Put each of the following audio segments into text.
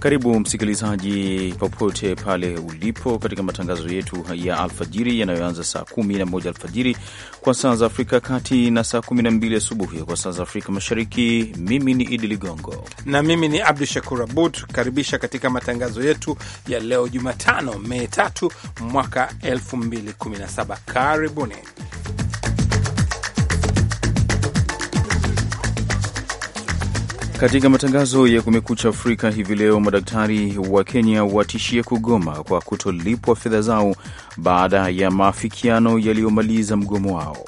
Karibu msikilizaji, popote pale ulipo, katika matangazo yetu ya alfajiri yanayoanza saa moja alfajiri kwa saa za Afrika ya Kati na saa 12 asubuhi kwa saa za Afrika Mashariki. Mimi ni Idi Ligongo na mimi ni Abdu Shakur Abud, karibisha katika matangazo yetu ya leo Jumatano, Mei tatu mwaka 217 Karibuni. Katika matangazo ya Kumekucha Afrika hivi leo, madaktari wa Kenya watishia kugoma kwa kutolipwa fedha zao baada ya maafikiano yaliyomaliza mgomo wao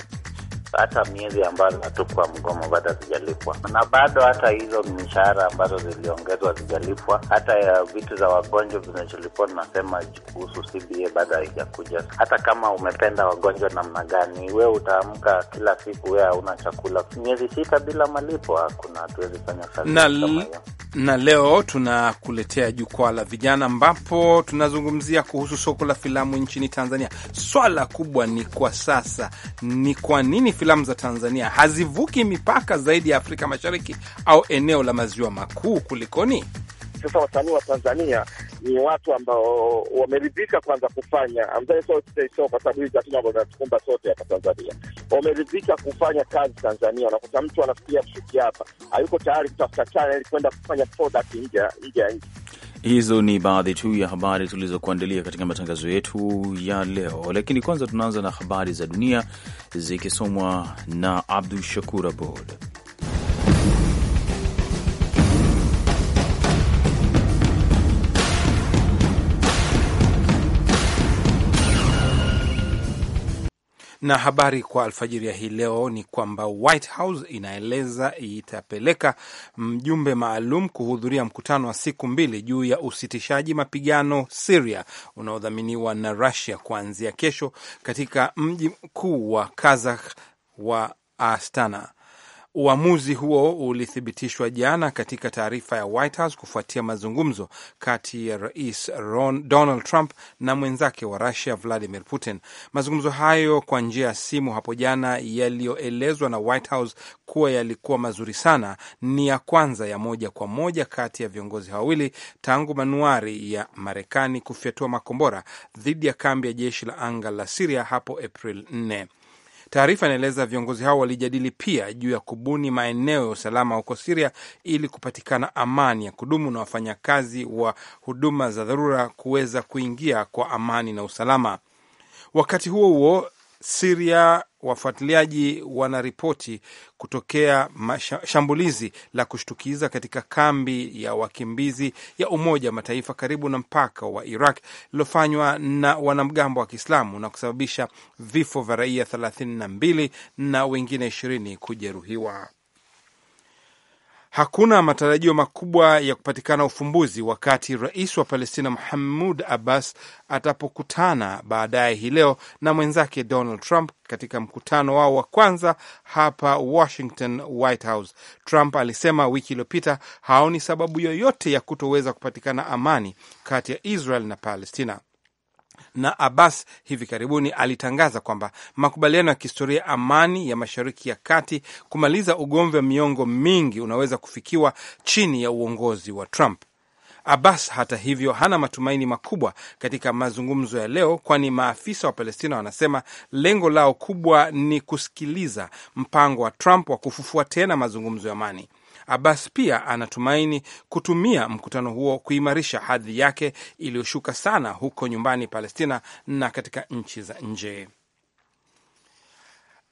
hata miezi ambazo hatukuwa mgomo bado hazijalipwa, na bado hata hizo mishahara ambazo ziliongezwa hazijalipwa. Hata ya vitu za wagonjwa vinacholipwa, tunasema kuhusu CBA bado haijakuja. Hata kama umependa wagonjwa namna gani, we utaamka kila siku, we hauna chakula, miezi sita bila malipo, hakuna, hatuwezi fanya kazi na, na leo tunakuletea jukwaa la vijana, ambapo tunazungumzia kuhusu soko la filamu nchini Tanzania. Swala kubwa ni kwa sasa ni kwa nini filamu za Tanzania hazivuki mipaka zaidi ya Afrika Mashariki au eneo la maziwa makuu kulikoni? Sasa wasanii wa Tanzania ni watu ambao wameridhika kwanza kufanya so, kwa sababu hizi hatuna ambao zinatukumba sote hapa Tanzania. Wameridhika kufanya kazi Tanzania. Unakuta mtu anafikiria kufikia hapa, hayuko tayari kutafuta channel kwenda kufanya product nje ya nchi. Hizo ni baadhi tu ya habari tulizokuandalia katika matangazo yetu ya leo, lakini kwanza tunaanza na habari za dunia zikisomwa na Abdu Shakur Abod. Na habari kwa alfajiri ya hii leo ni kwamba White House inaeleza itapeleka mjumbe maalum kuhudhuria mkutano wa siku mbili juu ya usitishaji mapigano siria unaodhaminiwa na rasia kuanzia kesho katika mji mkuu wa Kazakh wa Astana. Uamuzi huo ulithibitishwa jana katika taarifa ya White House kufuatia mazungumzo kati ya rais Ron, Donald Trump na mwenzake wa Rusia Vladimir Putin. Mazungumzo hayo kwa njia ya simu hapo jana yaliyoelezwa na White House kuwa yalikuwa mazuri sana, ni ya kwanza ya moja kwa moja kati ya viongozi wawili tangu Manuari ya Marekani kufyatua makombora dhidi ya kambi ya jeshi la anga la Siria hapo April 4. Taarifa inaeleza viongozi hao walijadili pia juu ya kubuni maeneo ya usalama huko Siria ili kupatikana amani ya kudumu na wafanyakazi wa huduma za dharura kuweza kuingia kwa amani na usalama. Wakati huo huo, Siria wafuatiliaji wanaripoti kutokea shambulizi la kushtukiza katika kambi ya wakimbizi ya Umoja wa Mataifa karibu na mpaka wa Iraq lilofanywa na wanamgambo wa Kiislamu na kusababisha vifo vya raia thelathini na mbili na wengine ishirini kujeruhiwa. Hakuna matarajio makubwa ya kupatikana ufumbuzi wakati rais wa Palestina Mahmud Abbas atapokutana baadaye hii leo na mwenzake Donald Trump katika mkutano wao wa kwanza hapa Washington, White House. Trump alisema wiki iliyopita haoni sababu yoyote ya kutoweza kupatikana amani kati ya Israel na Palestina na Abbas hivi karibuni alitangaza kwamba makubaliano ya kihistoria amani ya Mashariki ya Kati kumaliza ugomvi wa miongo mingi unaweza kufikiwa chini ya uongozi wa Trump. Abbas hata hivyo hana matumaini makubwa katika mazungumzo ya leo, kwani maafisa wa Palestina wanasema lengo lao kubwa ni kusikiliza mpango wa Trump wa kufufua tena mazungumzo ya amani. Abbas pia anatumaini kutumia mkutano huo kuimarisha hadhi yake iliyoshuka sana huko nyumbani Palestina na katika nchi za nje.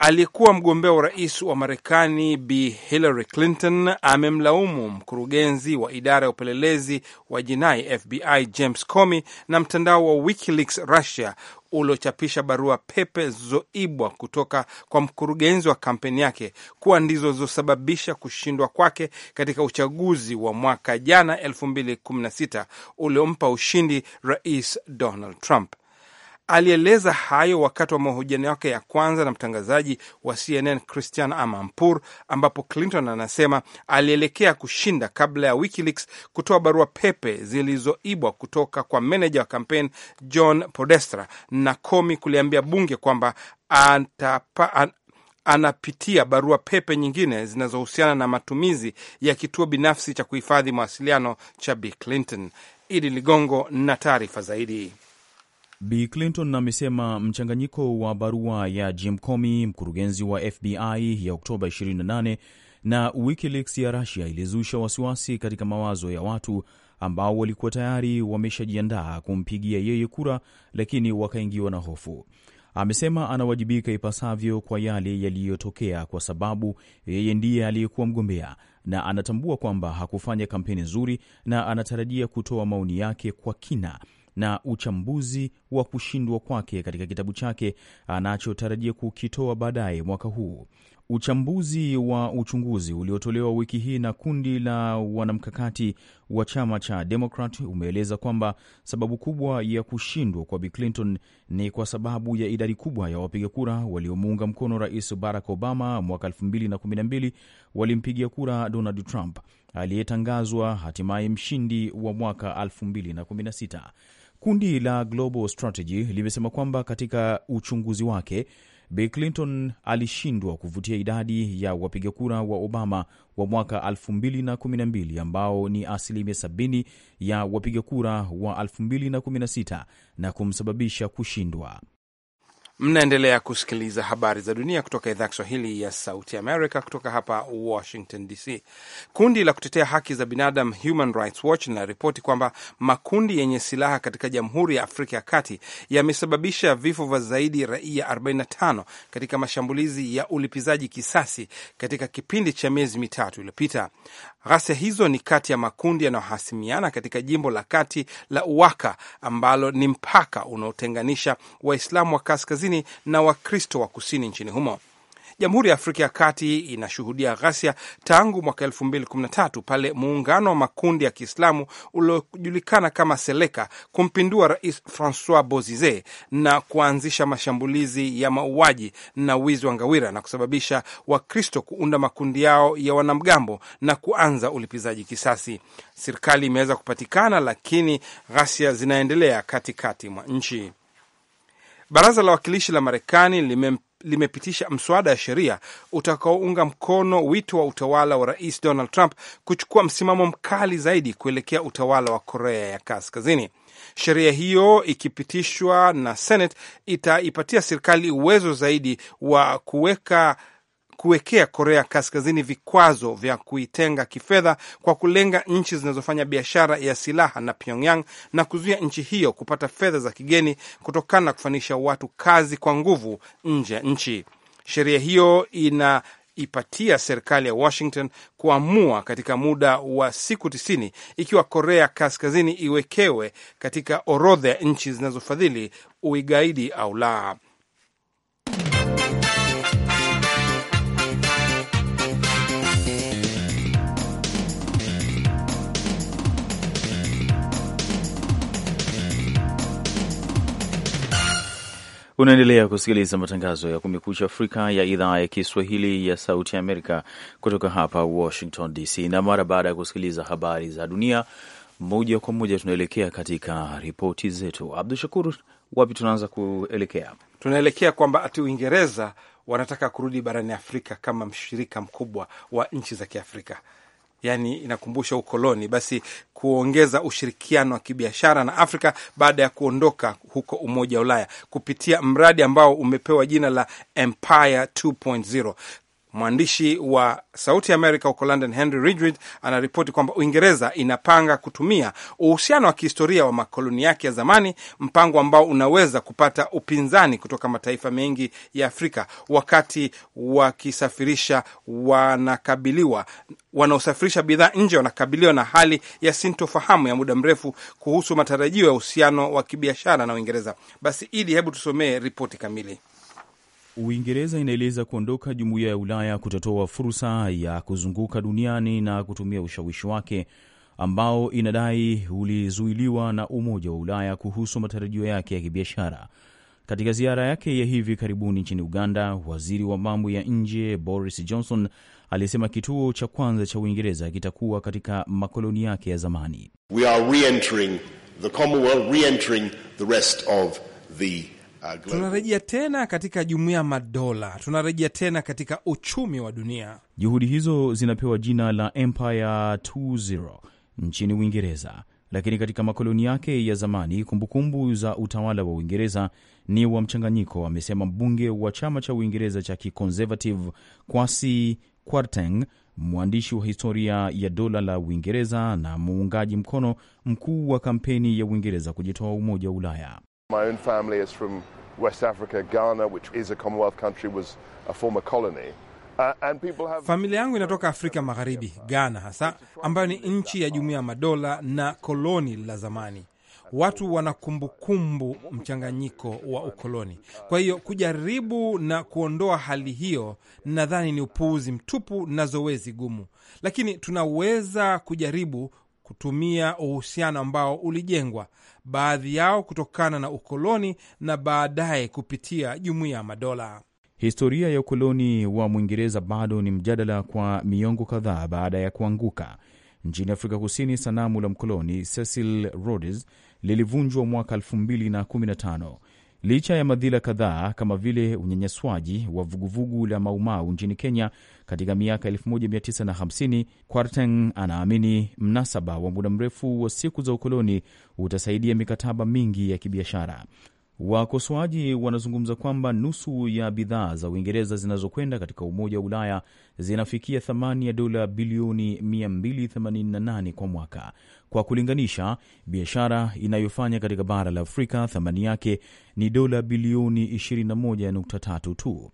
Aliyekuwa mgombea urais wa Marekani Bi Hillary Clinton amemlaumu mkurugenzi wa idara ya upelelezi wa jinai FBI James Comey na mtandao wa WikiLeaks Russia uliochapisha barua pepe zilizoibwa kutoka kwa mkurugenzi wa kampeni yake kuwa ndizo zilizosababisha kushindwa kwake katika uchaguzi wa mwaka jana 2016 uliompa ushindi Rais Donald Trump. Alieleza hayo wakati wa mahojiano yake ya kwanza na mtangazaji wa CNN Christian Amanpour, ambapo Clinton anasema alielekea kushinda kabla ya WikiLeaks kutoa barua pepe zilizoibwa kutoka kwa meneja wa kampeni John Podesta na Comey kuliambia bunge kwamba atapa anapitia barua pepe nyingine zinazohusiana na matumizi ya kituo binafsi cha kuhifadhi mawasiliano cha Bill Clinton. Idi Ligongo na taarifa zaidi. Bi Clinton amesema mchanganyiko wa barua ya Jim Comey, mkurugenzi wa FBI, ya Oktoba 28 na WikiLeaks ya Russia ilizusha wasiwasi katika mawazo ya watu ambao walikuwa tayari wameshajiandaa kumpigia yeye kura, lakini wakaingiwa na hofu. Amesema anawajibika ipasavyo kwa yale yaliyotokea, kwa sababu yeye ndiye aliyekuwa mgombea na anatambua kwamba hakufanya kampeni nzuri, na anatarajia kutoa maoni yake kwa kina na uchambuzi wa kushindwa kwake katika kitabu chake anachotarajia kukitoa baadaye mwaka huu. Uchambuzi wa uchunguzi uliotolewa wiki hii na kundi la wanamkakati wa chama cha Demokrat umeeleza kwamba sababu kubwa ya kushindwa kwa Bi Clinton ni kwa sababu ya idadi kubwa ya wapiga kura waliomuunga mkono Rais Barack Obama mwaka 2012 walimpigia kura Donald Trump aliyetangazwa hatimaye mshindi wa mwaka 2016. Kundi la Global Strategy limesema kwamba katika uchunguzi wake Bi Clinton alishindwa kuvutia idadi ya wapiga kura wa Obama wa mwaka 2012 ambao ni asilimia 70 ya wapiga kura wa 2016 na kumsababisha kushindwa. Mnaendelea kusikiliza habari za dunia kutoka idhaa ya Kiswahili ya Sauti Amerika, kutoka hapa Washington DC. Kundi la kutetea haki za binadamu Human Rights Watch linaripoti kwamba makundi yenye silaha katika Jamhuri ya Afrika ya Kati yamesababisha vifo vya zaidi raia 45 katika mashambulizi ya ulipizaji kisasi katika kipindi cha miezi mitatu iliyopita. Ghasia hizo ni kati ya makundi yanayohasimiana katika jimbo la kati la Uwaka ambalo ni mpaka unaotenganisha Waislamu wa kaskazini na Wakristo wa kusini nchini humo. Jamhuri ya Afrika ya Kati inashuhudia ghasia tangu mwaka tatu pale muungano wa makundi ya Kiislamu uliojulikana kama Seleka kumpindua Rais Francois Bozize na kuanzisha mashambulizi ya mauaji na wizi wa ngawira na kusababisha Wakristo kuunda makundi yao ya wanamgambo na kuanza ulipizaji kisasi. Serikali imeweza kupatikana, lakini ghasia zinaendelea katikati mwa nchi. Baraza la Wakilishi la Marekani limepitisha mswada wa sheria utakaounga mkono wito wa utawala wa Rais Donald Trump kuchukua msimamo mkali zaidi kuelekea utawala wa Korea ya Kaskazini. Sheria hiyo ikipitishwa na Senate itaipatia serikali uwezo zaidi wa kuweka kuwekea Korea Kaskazini vikwazo vya kuitenga kifedha kwa kulenga nchi zinazofanya biashara ya silaha na Pyongyang na kuzuia nchi hiyo kupata fedha za kigeni kutokana na kufanisha watu kazi kwa nguvu nje ya nchi. Sheria hiyo ina ipatia serikali ya Washington kuamua katika muda wa siku tisini ikiwa Korea Kaskazini iwekewe katika orodha ya nchi zinazofadhili uigaidi au la. Unaendelea kusikiliza matangazo ya Kumekucha Afrika ya idhaa ya Kiswahili ya Sauti ya Amerika kutoka hapa Washington DC, na mara baada ya kusikiliza habari za dunia moja kwa moja, tunaelekea katika ripoti zetu. Abdu Shakur, wapi tunaanza kuelekea? Tunaelekea kwamba ati Uingereza wanataka kurudi barani Afrika kama mshirika mkubwa wa nchi za Kiafrika yani inakumbusha ukoloni, basi kuongeza ushirikiano wa kibiashara na Afrika baada ya kuondoka huko Umoja wa Ulaya kupitia mradi ambao umepewa jina la Empire 2.0. Mwandishi wa Sauti ya Amerika huko London, Henry Ridgwith, anaripoti kwamba Uingereza inapanga kutumia uhusiano wa kihistoria wa makoloni yake ya zamani, mpango ambao unaweza kupata upinzani kutoka mataifa mengi ya Afrika wakati wakisafirisha wanakabiliwa wanaosafirisha bidhaa nje wanakabiliwa na hali ya sintofahamu ya muda mrefu kuhusu matarajio ya uhusiano wa kibiashara na Uingereza. Basi Idi, hebu tusomee ripoti kamili. Uingereza inaeleza kuondoka jumuiya ya Ulaya kutatoa fursa ya kuzunguka duniani na kutumia ushawishi wake ambao inadai ulizuiliwa na Umoja wa Ulaya kuhusu matarajio yake ya kibiashara. Katika ziara yake ya hivi karibuni nchini Uganda, waziri wa mambo ya nje Boris Johnson alisema kituo cha kwanza cha Uingereza kitakuwa katika makoloni yake ya zamani. We are re-entering the Commonwealth, re-entering the rest of the Ah, tunarejea tena katika jumuiya ya madola, tunarejea tena katika uchumi wa dunia. Juhudi hizo zinapewa jina la Empire 2.0 nchini Uingereza, lakini katika makoloni yake ya zamani, kumbukumbu kumbu za utawala wa Uingereza ni wa mchanganyiko, amesema mbunge wa chama cha Uingereza cha kiconservative Kwasi Kwarteng, mwandishi wa historia ya dola la Uingereza na muungaji mkono mkuu wa kampeni ya Uingereza kujitoa Umoja wa Ulaya. My own family is from West Africa. Ghana, which is a Commonwealth country, was a former colony. Uh, and people have... Familia yangu inatoka Afrika Magharibi, Ghana hasa, ambayo ni nchi ya Jumuiya ya Madola na koloni la zamani. Watu wana kumbukumbu mchanganyiko wa ukoloni. Kwa hiyo kujaribu na kuondoa hali hiyo, nadhani ni upuuzi mtupu na zoezi gumu, lakini tunaweza kujaribu kutumia uhusiano ambao ulijengwa, baadhi yao kutokana na ukoloni na baadaye kupitia Jumuiya ya Madola. Historia ya ukoloni wa Mwingereza bado ni mjadala kwa miongo kadhaa baada ya kuanguka. Nchini Afrika Kusini, sanamu la mkoloni Cecil Rhodes lilivunjwa mwaka 2015. Licha ya madhila kadhaa kama vile unyanyaswaji wa vuguvugu la Maumau nchini Kenya katika miaka 1950, Kwarteng anaamini mnasaba wa muda mrefu wa siku za ukoloni utasaidia mikataba mingi ya kibiashara. Wakosoaji wanazungumza kwamba nusu ya bidhaa za Uingereza zinazokwenda katika Umoja wa Ulaya zinafikia thamani ya dola bilioni 288 kwa mwaka. Kwa kulinganisha, biashara inayofanya katika bara la Afrika thamani yake ni dola bilioni 21.3 tu.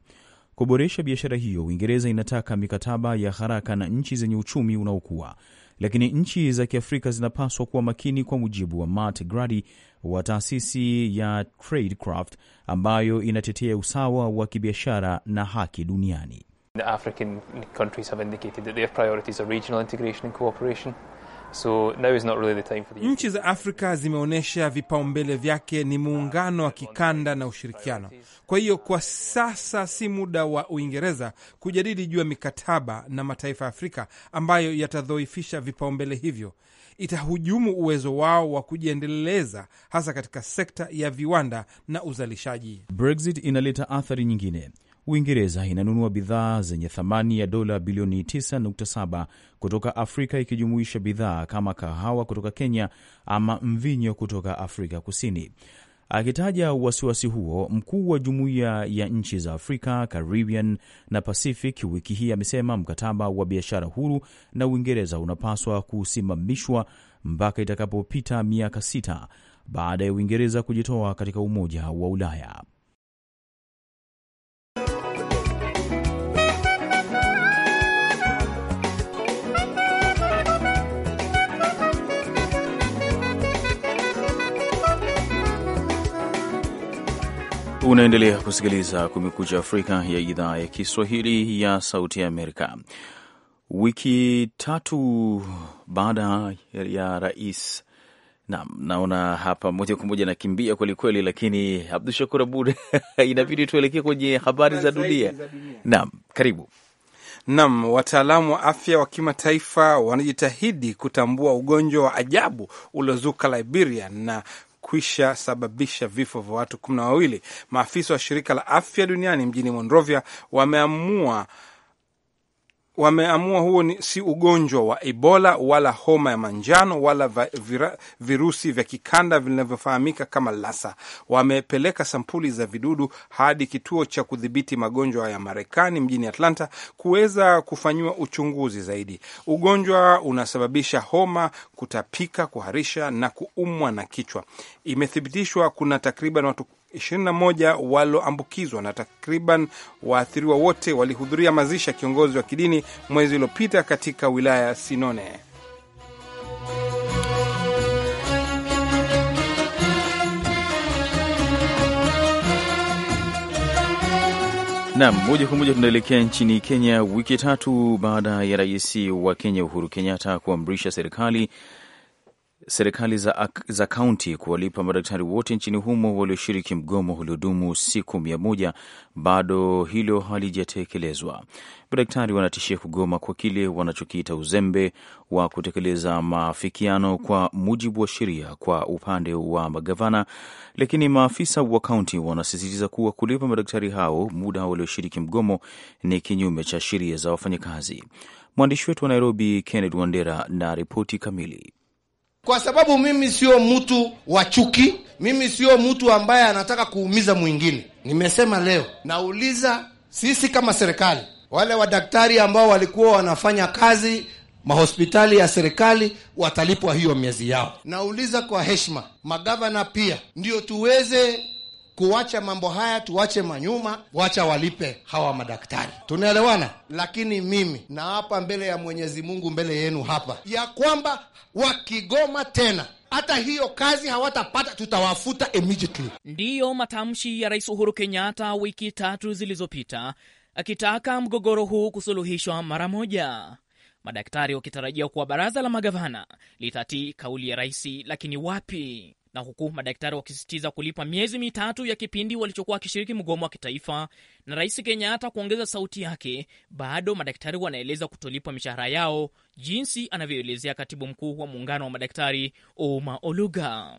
Kuboresha biashara hiyo, Uingereza inataka mikataba ya haraka na nchi zenye uchumi unaokua lakini nchi za Kiafrika zinapaswa kuwa makini, kwa mujibu wa Matt Grady wa taasisi ya Tradecraft ambayo inatetea usawa wa kibiashara na haki duniani. The African countries have indicated that their priorities are regional integration and cooperation So now is not really the time for the... Nchi za Afrika zimeonyesha vipaumbele vyake ni muungano wa kikanda na ushirikiano. Kwa hiyo kwa sasa si muda wa Uingereza kujadili juu ya mikataba na mataifa ya Afrika ambayo yatadhoifisha vipaumbele hivyo, itahujumu uwezo wao wa kujiendeleza, hasa katika sekta ya viwanda na uzalishaji. Brexit inaleta athari nyingine Uingereza inanunua bidhaa zenye thamani ya dola bilioni 9.7 kutoka Afrika ikijumuisha bidhaa kama kahawa kutoka Kenya ama mvinyo kutoka Afrika Kusini. Akitaja wasiwasi huo, mkuu wa jumuiya ya nchi za Afrika, Caribbean na Pacific wiki hii amesema mkataba wa biashara huru na Uingereza unapaswa kusimamishwa mpaka itakapopita miaka sita baada ya Uingereza kujitoa katika Umoja wa Ulaya. Unaendelea kusikiliza Kumekucha Afrika ya idhaa ya Kiswahili ya Sauti ya Amerika. Wiki tatu baada ya rais Naam, naona hapa moja kwa moja nakimbia kwelikweli, lakini Abdu Shakur Abud, inabidi tuelekee kwenye habari za dunia. Naam, karibu. Naam, wataalamu wa afya wa kimataifa wanajitahidi kutambua ugonjwa wa ajabu uliozuka Liberia na kwisha sababisha vifo vya watu kumi na wawili. Maafisa wa shirika la afya duniani mjini Monrovia wameamua wameamua huo ni, si ugonjwa wa Ebola wala homa ya manjano wala vira, virusi vya kikanda vinavyofahamika kama Lassa. Wamepeleka sampuli za vidudu hadi kituo cha kudhibiti magonjwa ya Marekani mjini Atlanta kuweza kufanyiwa uchunguzi zaidi. Ugonjwa unasababisha homa, kutapika, kuharisha na kuumwa na kichwa. Imethibitishwa kuna takriban watu 21 walioambukizwa na takriban waathiriwa wote walihudhuria mazishi ya kiongozi wa kidini mwezi uliopita katika wilaya ya Sinone. Nam, moja kwa moja tunaelekea nchini Kenya, wiki tatu baada ya rais wa Kenya Uhuru Kenyatta kuamrisha serikali serikali za kaunti kuwalipa madaktari wote nchini humo walioshiriki mgomo uliodumu siku mia moja. Bado hilo halijatekelezwa. Madaktari wanatishia kugoma kwa kile wanachokiita uzembe wa kutekeleza maafikiano kwa mujibu wa sheria kwa upande wa magavana, lakini maafisa wa kaunti wanasisitiza kuwa kulipa madaktari hao muda walioshiriki mgomo ni kinyume cha sheria za wafanyakazi. Mwandishi wetu wa Nairobi, Kenneth Wandera, na ripoti kamili kwa sababu mimi sio mtu wa chuki, mimi sio mtu ambaye anataka kuumiza mwingine. Nimesema leo nauliza, sisi kama serikali, wale wadaktari ambao walikuwa wanafanya kazi mahospitali ya serikali watalipwa hiyo miezi yao. Nauliza kwa heshima, magavana pia ndio tuweze kuacha mambo haya tuache manyuma, wacha walipe hawa madaktari. Tunaelewana? Lakini mimi na hapa mbele ya Mwenyezi Mungu, mbele yenu hapa, ya kwamba wakigoma tena hata hiyo kazi hawatapata, tutawafuta immediately. Ndiyo matamshi ya Rais Uhuru Kenyatta wiki tatu zilizopita, akitaka mgogoro huu kusuluhishwa mara moja, madaktari wakitarajia kuwa baraza la magavana litatii kauli ya rais, lakini wapi na huku madaktari wakisisitiza kulipa miezi mitatu ya kipindi walichokuwa wakishiriki mgomo wa kitaifa na Rais Kenyatta kuongeza sauti yake, bado madaktari wanaeleza kutolipwa mishahara yao, jinsi anavyoelezea katibu mkuu wa muungano wa madaktari Uma Oluga.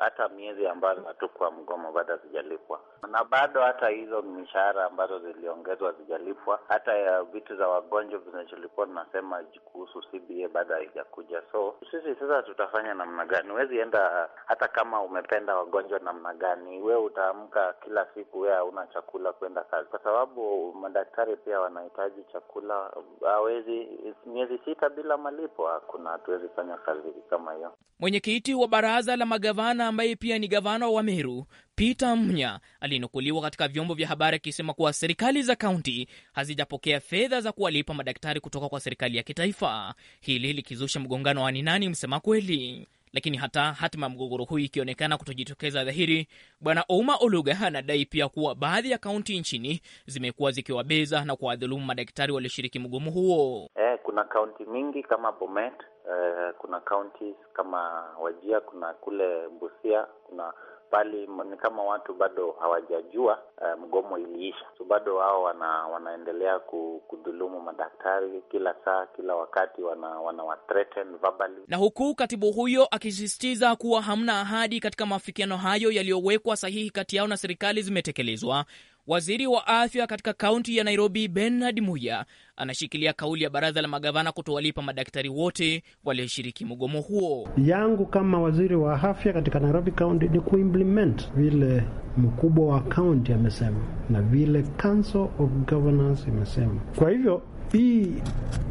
Hata miezi ambazo hatukwa mgomo bado hazijalipwa, na bado hata hizo mishahara ambazo ziliongezwa hazijalipwa. Hata ya vitu za wagonjwa vinacholipwa, tunasema kuhusu CBA bado haijakuja. So sisi sasa tutafanya namna gani? Huwezi enda hata kama umependa wagonjwa namna gani, we utaamka kila siku we hauna chakula kwenda kwa sababu madaktari pia wanahitaji chakula. Hawezi miezi sita bila malipo, hakuna, hatuwezi fanya kazi kama hiyo. Mwenyekiti wa baraza la magavana ambaye pia ni gavana wa Meru Peter mnya alinukuliwa katika vyombo vya habari akisema kuwa serikali za kaunti hazijapokea fedha za kuwalipa madaktari kutoka kwa serikali ya kitaifa, hili likizusha mgongano wa ninani msema kweli lakini hata hatima ya mgogoro huu ikionekana kutojitokeza dhahiri, Bwana Ouma Oluga anadai pia kuwa baadhi ya kaunti nchini zimekuwa zikiwabeza na kuwadhulumu madaktari walioshiriki mgomo huo. Eh, kuna kaunti mingi kama Bomet, eh, kuna kaunti kama Wajia, kuna kule Busia, kuna bali ni kama watu bado hawajajua uh, mgomo iliisha, so bado wao wana, wanaendelea kudhulumu madaktari kila saa, kila wakati wana, wana wa threaten verbally. Na huku katibu huyo akisisitiza kuwa hamna ahadi katika maafikiano hayo yaliyowekwa sahihi kati yao na serikali zimetekelezwa, Waziri wa afya katika kaunti ya Nairobi, Bernard Muya, anashikilia kauli ya baraza la magavana kutowalipa madaktari wote walioshiriki mgomo huo. Yangu kama waziri wa afya katika Nairobi kaunti ni kuimplement vile mkubwa wa kaunti amesema na vile Council of Governors imesema. Kwa hivyo hii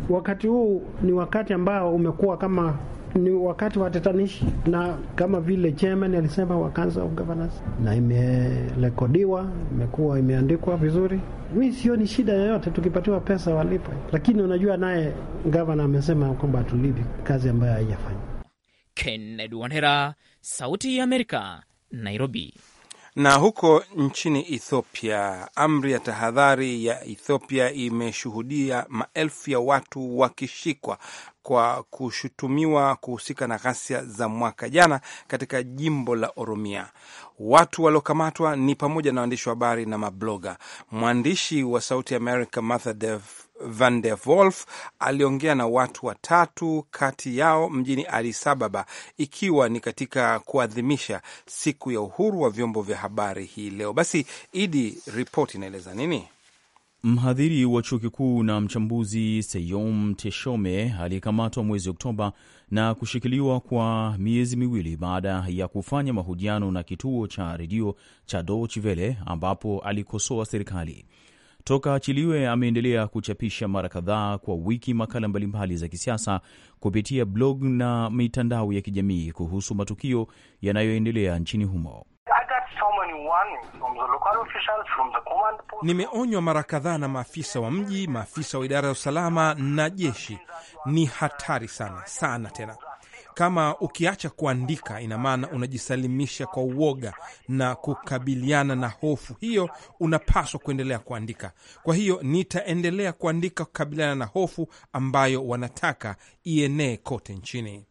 wakati huu ni wakati ambao umekuwa kama ni wakati wa tatanishi, na kama vile chairman alisema wa Council of Governors, na imerekodiwa, imekuwa imeandikwa vizuri. Mi sioni shida yoyote, tukipatiwa pesa walipe, lakini unajua, naye gavana amesema kwamba atulivi kazi ambayo haijafanya. Kennedy Wandera, Sauti ya Amerika, Nairobi. Na huko nchini Ethiopia, amri ya tahadhari ya Ethiopia imeshuhudia maelfu ya watu wakishikwa kwa kushutumiwa kuhusika na ghasia za mwaka jana katika jimbo la Oromia. Watu waliokamatwa ni pamoja na waandishi wa habari na mabloga. Mwandishi wa Sauti ya America Martha Van der Wolf aliongea na watu watatu kati yao mjini Addis Ababa, ikiwa ni katika kuadhimisha siku ya uhuru wa vyombo vya habari hii leo. Basi Idi, ripoti inaeleza nini? Mhadhiri wa chuo kikuu na mchambuzi Seyom Teshome aliyekamatwa mwezi Oktoba na kushikiliwa kwa miezi miwili baada ya kufanya mahojiano na kituo cha redio cha Deutsche Welle ambapo alikosoa serikali. Toka achiliwe, ameendelea kuchapisha mara kadhaa kwa wiki makala mbalimbali za kisiasa kupitia blog na mitandao ya kijamii kuhusu matukio yanayoendelea nchini humo. Nimeonywa mara kadhaa na maafisa wa mji, maafisa wa idara ya usalama na jeshi. Ni hatari sana sana, tena kama ukiacha kuandika, ina maana unajisalimisha kwa uoga na kukabiliana na hofu hiyo. Unapaswa kuendelea kuandika. Kwa hiyo nitaendelea kuandika, kukabiliana na hofu ambayo wanataka ienee kote nchini.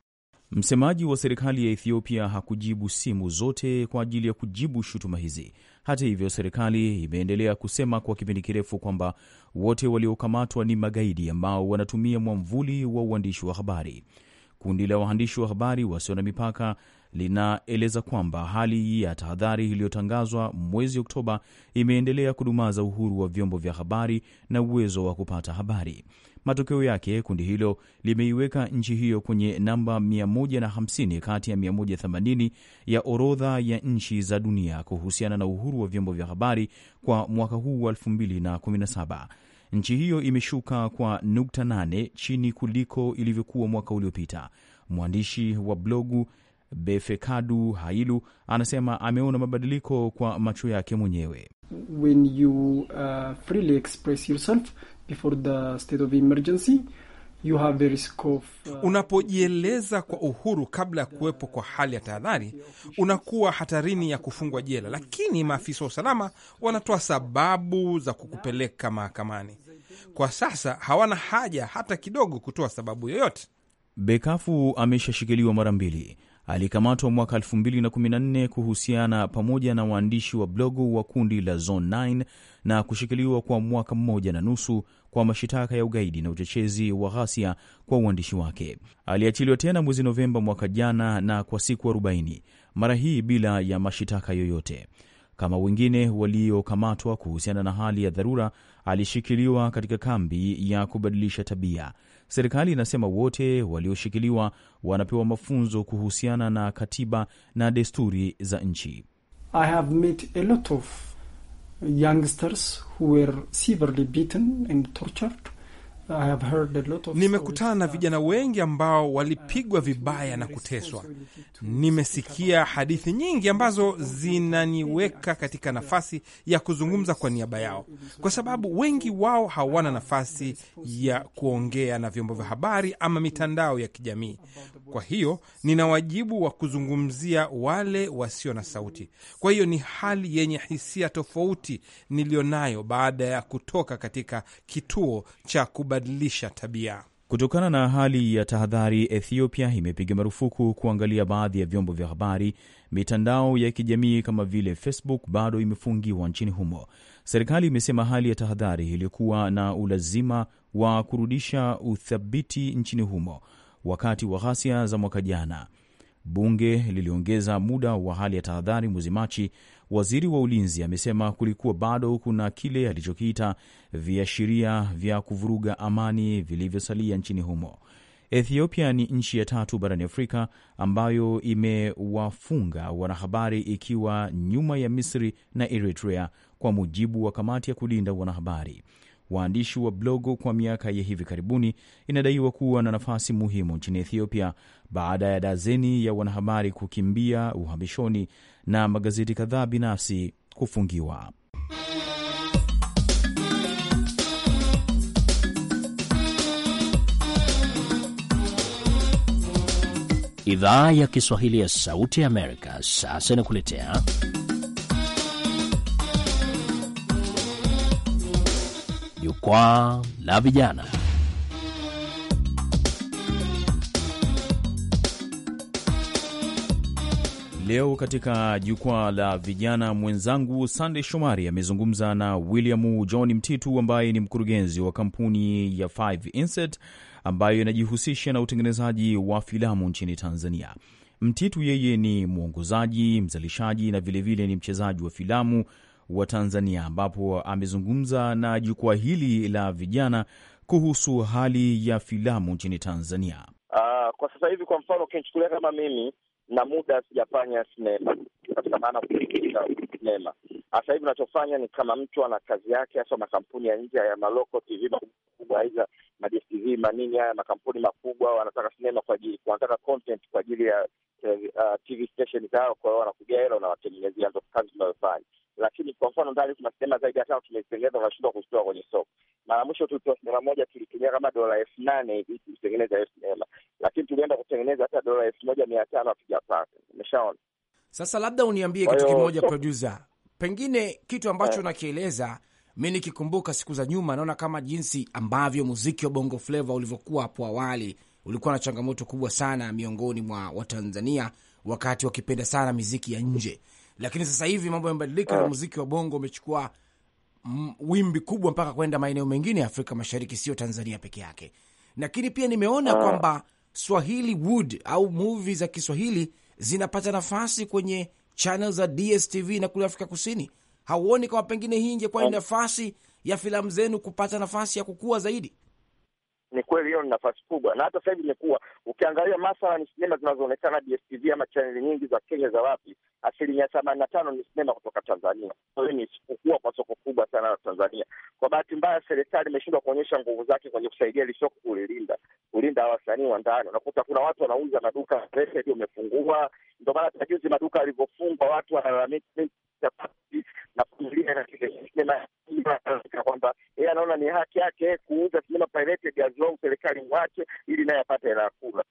Msemaji wa serikali ya Ethiopia hakujibu simu zote kwa ajili ya kujibu shutuma hizi. Hata hivyo, serikali imeendelea kusema kwa kipindi kirefu kwamba wote waliokamatwa ni magaidi ambao wanatumia mwamvuli wa uandishi wa habari. Kundi la waandishi wa habari wasio na mipaka linaeleza kwamba hali ya tahadhari iliyotangazwa mwezi Oktoba imeendelea kudumaza uhuru wa vyombo vya habari na uwezo wa kupata habari. Matokeo yake kundi hilo limeiweka nchi hiyo kwenye namba 150 kati ya 180 ya orodha ya nchi za dunia kuhusiana na uhuru wa vyombo vya habari kwa mwaka huu wa 2017. Nchi hiyo imeshuka kwa nukta 8 chini kuliko ilivyokuwa mwaka uliopita. Mwandishi wa blogu befekadu Hailu anasema ameona mabadiliko kwa macho yake mwenyewe. When you uh, freely express yourself before the state of emergency you have uh, unapojieleza kwa uhuru kabla ya kuwepo kwa hali ya tahadhari, unakuwa hatarini ya kufungwa jela, lakini maafisa wa usalama wanatoa sababu za kukupeleka mahakamani. Kwa sasa hawana haja hata kidogo kutoa sababu yoyote. Bekafu ameshashikiliwa mara mbili alikamatwa mwaka 2014 kuhusiana pamoja na waandishi wa blogu wa kundi la Zone 9 na kushikiliwa kwa mwaka mmoja na nusu kwa mashitaka ya ugaidi na uchochezi wa ghasia kwa uandishi wake. Aliachiliwa tena mwezi Novemba mwaka jana na kwa siku 40, mara hii bila ya mashitaka yoyote. Kama wengine waliokamatwa kuhusiana na hali ya dharura, alishikiliwa katika kambi ya kubadilisha tabia Serikali inasema wote walioshikiliwa wanapewa mafunzo kuhusiana na katiba na desturi za nchi. I have met a lot of youngsters who were severely beaten and tortured Nimekutana na vijana wengi ambao walipigwa vibaya na kuteswa. Nimesikia hadithi nyingi ambazo zinaniweka katika nafasi ya kuzungumza kwa niaba yao, kwa sababu wengi wao hawana nafasi ya kuongea na vyombo vya habari ama mitandao ya kijamii. Kwa hiyo nina wajibu wa kuzungumzia wale wasio na sauti. Kwa hiyo ni hali yenye hisia tofauti niliyonayo baada ya kutoka katika kituo cha kubadilisha tabia. Kutokana na hali ya tahadhari, Ethiopia imepiga marufuku kuangalia baadhi ya vyombo vya habari. Mitandao ya kijamii kama vile Facebook bado imefungiwa nchini humo. Serikali imesema hali ya tahadhari ilikuwa na ulazima wa kurudisha uthabiti nchini humo wakati wa ghasia za mwaka jana. Bunge liliongeza muda wa hali ya tahadhari mwezi Machi. Waziri wa ulinzi amesema kulikuwa bado kuna kile alichokiita viashiria vya kuvuruga amani vilivyosalia nchini humo. Ethiopia ni nchi ya tatu barani Afrika ambayo imewafunga wanahabari ikiwa nyuma ya Misri na Eritrea, kwa mujibu wa kamati ya kulinda wanahabari waandishi wa blogo kwa miaka ya hivi karibuni, inadaiwa kuwa na nafasi muhimu nchini Ethiopia baada ya dazeni ya wanahabari kukimbia uhamishoni na magazeti kadhaa binafsi kufungiwa. Idhaa ya Kiswahili ya Sauti ya Amerika sasa inakuletea Jukwaa la Vijana. Leo katika jukwaa la vijana, mwenzangu Sandey Shomari amezungumza na William John Mtitu ambaye ni mkurugenzi wa kampuni ya 5 Inset ambayo inajihusisha na utengenezaji wa filamu nchini Tanzania. Mtitu yeye ni mwongozaji, mzalishaji na vilevile vile ni mchezaji wa filamu wa Tanzania, ambapo amezungumza na jukwaa hili la vijana kuhusu hali ya filamu nchini Tanzania. Uh, kwa sasa hivi, kwa mfano, ukinichukulia kama mimi na muda sijafanya sinema katika maana kuiia sinema. Sasa hivi unachofanya ni kama mtu ana kazi yake, hasa makampuni ya nje ya maloko TV makubwa madstv manini haya makampuni makubwa wanataka sinema kwa ajili, wanataka content kwa ajili ya uh, tv station zao. Kwa hiyo wanakuja hela, unawatengenezea ndo kazi tunayofanya. Lakini kwa mfano ndani kuna sinema zaidi ya tano tumezitengeneza, kuzitoa kwenye soko. Mara mwisho tulitoa sinema moja, tulitumia kama dola elfu nane hivi kutengeneza hiyo sinema, lakini tulienda kutengeneza hata dola elfu moja mia tano hatujapata. Umeshaona? Sasa labda uniambie kitu kimoja producer, pengine kitu ambacho eh. unakieleza yeah mi nikikumbuka siku za nyuma, naona kama jinsi ambavyo muziki wa bongo fleva ulivyokuwa hapo awali ulikuwa na changamoto kubwa sana miongoni mwa Watanzania, wakati wakipenda sana miziki ya nje, lakini sasa hivi mambo yamebadilika na ah. muziki wa bongo umechukua mm, wimbi kubwa mpaka kwenda maeneo mengine ya Afrika Mashariki, sio Tanzania peke yake. Lakini pia nimeona ah. kwamba Swahili Wood au movie za Kiswahili zinapata nafasi kwenye channel za DSTV na kule Afrika Kusini hauoni kama pengine hii ingekuwa ni nafasi ya filamu zenu kupata nafasi ya kukua zaidi? Ni kweli, hiyo ni nafasi kubwa, na hata sasa hivi imekuwa ukiangalia mathalan ni sinema zinazoonekana DSTV ama chaneli nyingi za Kenya za wapi, asilimia themanini na tano ni sinema kutoka Tanzania. Kwa hiyo ni kukua kwa soko kubwa sana la Tanzania. Kwa bahati mbaya, serikali imeshindwa kuonyesha nguvu zake kwenye kusaidia hili soko, kulilinda, kulinda wasanii wa ndani. Unakuta kuna watu wanauza maduka, redio imefungua, ndio maana tajuzi maduka yalivyofungwa, watu wanalalamika anaona ni haki yake kuuza sinema pirated, as long serikali uache ili naye apate hela ya kula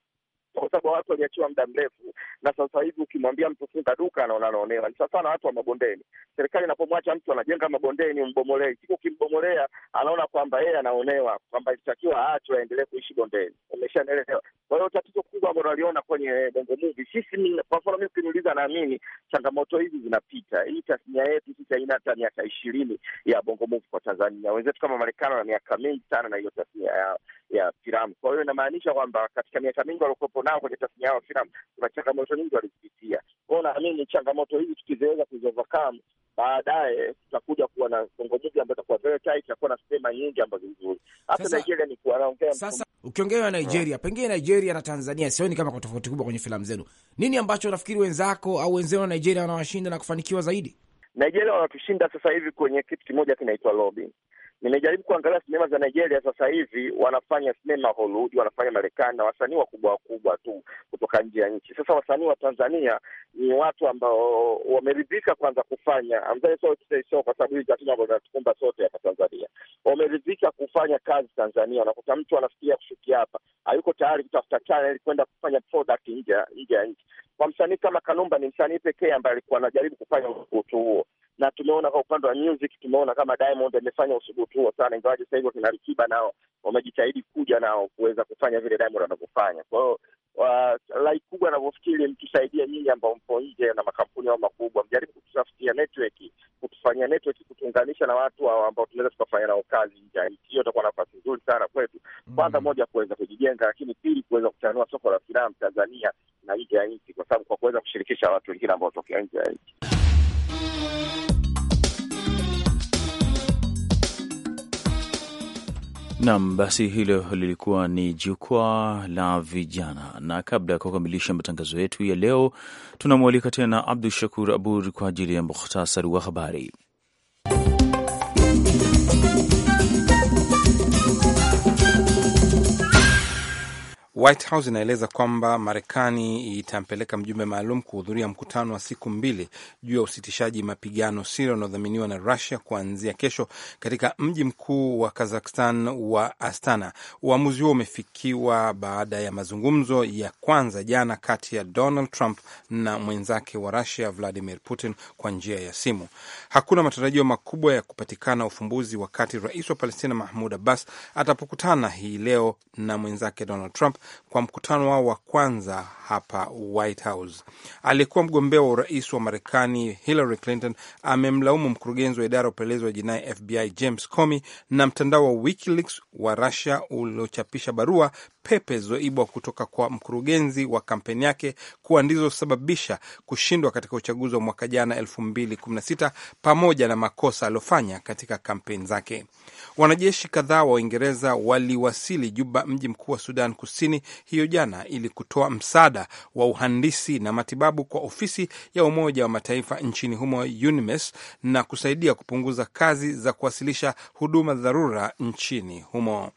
kwa sababu watu waliachiwa muda mrefu, na sasa hivi ukimwambia mtu funga duka anaona anaonewa. Ni sawasawa na watu wa mabondeni. Serikali inapomwacha mtu anajenga mabondeni, umbomolee siku ukimbomolea anaona kwamba yeye anaonewa, kwamba ilitakiwa aachwe aendelee kuishi bondeni. Umeshanaelewa? Kwa hiyo tatizo kubwa ambalo naliona kwenye Bongo Movie, sisi kwa mfano, mi ukiniuliza, naamini changamoto hizi zinapita. Hii tasnia yetu sisi haina hata miaka ishirini ya Bongo Movie kwa Tanzania. Wenzetu kama Marekani wana miaka mingi sana na hiyo tasnia yao ya filamu. Kwa hiyo inamaanisha kwamba katika miaka mingi waliokuwepo nao kwenye tasnia yao ya filamu, kuna changamoto nyingi walizipitia. Kwao naamini changamoto hizi tukiziweza kuziovercome, baadaye tutakuja kuwa na Bongo Movie ambayo itakuwa very tight, itakuwa na sinema nyingi ambazo nzuri. Hata Nigeria ni kuanaongea sasa, ukiongea na Nigeria, pengine Nigeria na Tanzania sioni kama kwa tofauti kubwa kwenye filamu zenu. Nini ambacho unafikiri wenzako au wenzenu wa Nigeria wanawashinda na kufanikiwa zaidi? Nigeria wanatushinda sasa hivi kwenye kitu kimoja kinaitwa lobbying. Nimejaribu kuangalia sinema za Nigeria sasa hivi, wanafanya sinema Hollywood, wanafanya Marekani na wasanii wakubwa wakubwa tu kutoka nje ya nchi. Sasa wasanii wa Tanzania ni watu ambao wameridhika kwanza kufanya so, kwa sababu hii tatizo ambalo linatukumba sote hapa Tanzania, wameridhika kufanya kazi Tanzania. Unakuta mtu anafikiria kushukia hapa, hayuko tayari kutafuta channel kwenda kufanya product nje ya nchi. Kwa msanii kama Kanumba, ni msanii pekee ambaye alikuwa anajaribu kufanya utu huo na tumeona kwa upande wa music, tumeona kama Diamond amefanya usubutu huo sana, ingawaje sasa hivi wakina Alikiba nao wamejitahidi kuja nao kuweza kufanya vile Diamond anavyofanya. Kwa hiyo uh, lai kubwa anavyofikiri, mtusaidie nyinyi ambao mpo nje na makampuni ao makubwa, mjaribu kututafutia network, kutufanyia network, kutuunganisha na watu hao ambao tunaweza tukafanya nao kazi nje ya nchi. Hiyo itakuwa nafasi nzuri sana kwetu, kwanza mm, moja, kuweza kujijenga, lakini pili, kuweza kuchanua soko la filamu Tanzania na nje ya nchi, kwa sababu kwa kuweza kushirikisha watu wengine ambao tokea nje ya nchi Nam, basi hilo lilikuwa ni jukwaa la vijana, na kabla ya kukamilisha matangazo yetu ya leo, tunamwalika tena Abdu Shakur Abur kwa ajili ya muhtasari wa habari. White House inaeleza kwamba Marekani itampeleka mjumbe maalum kuhudhuria mkutano wa siku mbili juu ya usitishaji mapigano Siria unaodhaminiwa na Rusia kuanzia kesho katika mji mkuu wa Kazakhstan wa Astana. Uamuzi huo umefikiwa baada ya mazungumzo ya kwanza jana kati ya Donald Trump na mwenzake wa Rusia Vladimir Putin kwa njia ya simu. Hakuna matarajio makubwa ya kupatikana ufumbuzi wakati rais wa Palestina Mahmud Abbas atapokutana hii leo na mwenzake Donald Trump kwa mkutano wao wa kwanza hapa White House. Aliyekuwa mgombea wa urais wa Marekani Hillary Clinton amemlaumu mkurugenzi wa idara ya upelelezi wa jinai FBI James Comey na mtandao wa WikiLeaks wa Russia uliochapisha barua pepe zilizoibwa kutoka kwa mkurugenzi wa kampeni yake kuwa ndizo sababisha kushindwa katika uchaguzi wa mwaka jana 2016 pamoja na makosa aliyofanya katika kampeni zake. Wanajeshi kadhaa wa Uingereza waliwasili Juba, mji mkuu wa Sudan Kusini Marekani hiyo jana ili kutoa msaada wa uhandisi na matibabu kwa ofisi ya Umoja wa Mataifa nchini humo UNMISS na kusaidia kupunguza kazi za kuwasilisha huduma dharura nchini humo.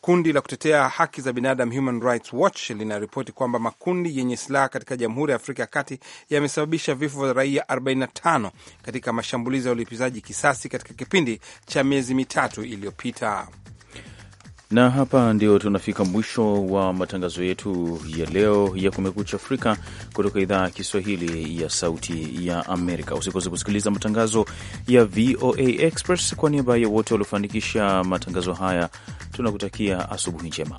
Kundi la kutetea haki za binadamu Human Rights Watch linaripoti kwamba makundi yenye silaha katika Jamhuri ya Afrika ya Kati yamesababisha vifo vya raia 45 katika mashambulizi ya ulipizaji kisasi katika kipindi cha miezi mitatu iliyopita. Na hapa ndio tunafika mwisho wa matangazo yetu ya leo ya Kumekucha Afrika kutoka idhaa ya Kiswahili ya Sauti ya Amerika. Usikose kusikiliza matangazo ya VOA Express. Kwa niaba ya wote waliofanikisha matangazo haya, tunakutakia asubuhi njema.